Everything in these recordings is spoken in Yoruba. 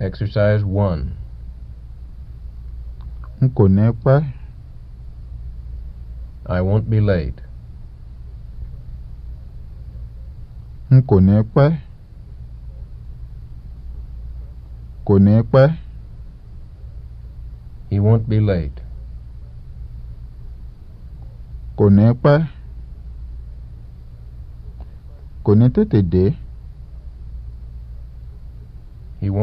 Exercise 1. N kò ní pẹ́. I won't be late. N kò ní pẹ́. Kò ní pẹ́. He won't be late. Kò ní pẹ́. Kò ní tètè dé.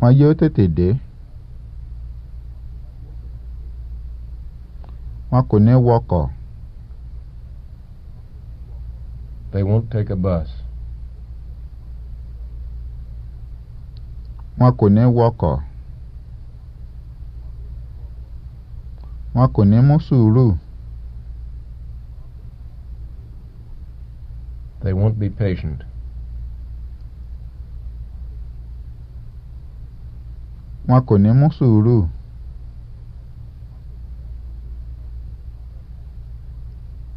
wọn jẹ́ ó tètè dé wọn kò ní wọkọ̀. They won't take a bus. Wọn kò ní wọkọ̀. Wọn kò ní mú sùúrù. They won't be patient. wọn kò ní mú sùúrù.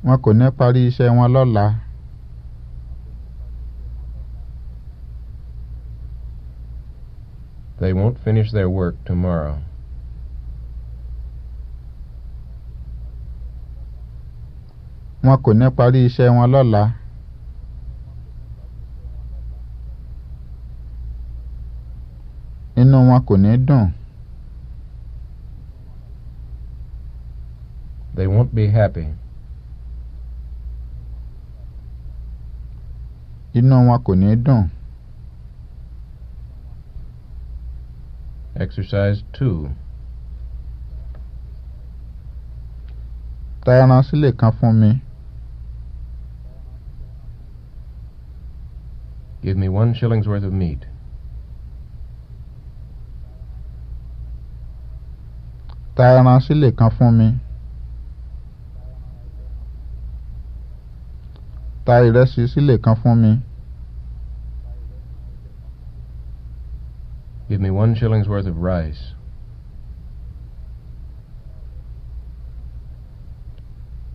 wọn kò ní parí iṣẹ́ wọn lọ́la. They won't finish their work tomorrow. Wọn kò ní parí iṣẹ́ wọn lọ́la. inú wọn kò ní dùn. They won't be happy. Inú wọn kò ní dùn. Exercise two. sílè kan fún mi. Give me one shilling's worth of meat. ta ẹran sílè kan fún mi ta ìrẹsì sílè kan fún mi. Give me one shilling's worth of rice.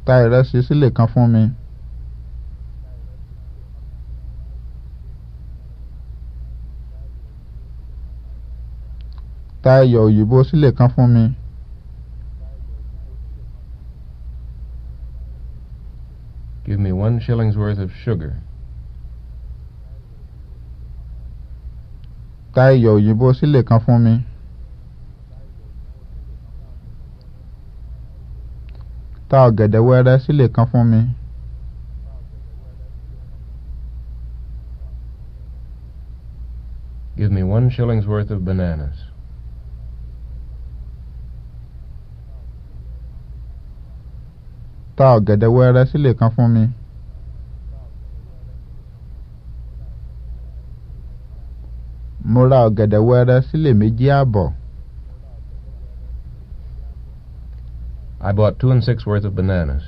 ta ìrẹsì sílè kan fún mi. ta iyọ̀ òyìnbó sílè kan fún mi. one shilling's worth of sugar. ta iyọ̀ òyìnbó sílè kan fún mi. ta ọ̀gẹ̀dẹ̀ wẹ́rẹ́ sílè kan fún mi. Give me one shilling's worth of bananas. ta ọ̀gẹ̀dẹ̀ wẹ́rẹ́ sílè kan fún mi. mo ra ọ̀gẹ̀dẹ̀ wẹrẹ sílè méjì ààbọ̀. I bought two and six worth of bananas.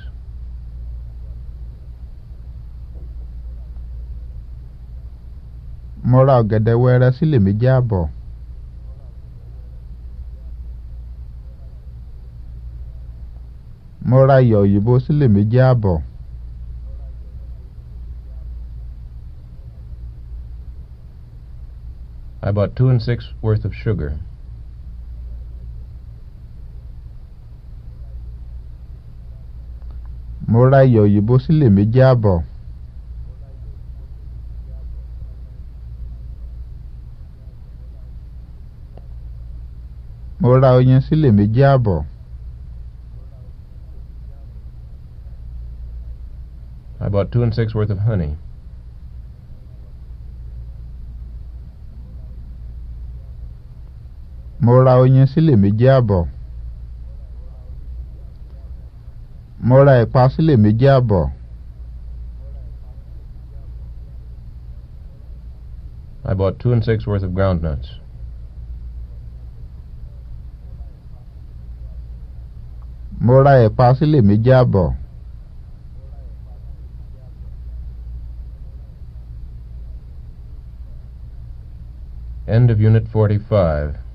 Mo ra ọ̀gẹ̀dẹ̀ wẹrẹ sílè méjì ààbọ̀. Mo ra iyọ̀ òyìnbó sílè méjì I bought two and six worth of sugar. Mo ra iyọ̀ òyìnbó sílè méjì Mo ra oyin sílè méjì I bought two and six worth of honey. mo ra oyin sílè méjì àbọ̀ mo ra ẹ̀pà sílè méjì àbọ̀ I bought two and six worth of ground nuts. Mo ra ẹ̀pà sílè méjì àbọ̀. End of Unit 45.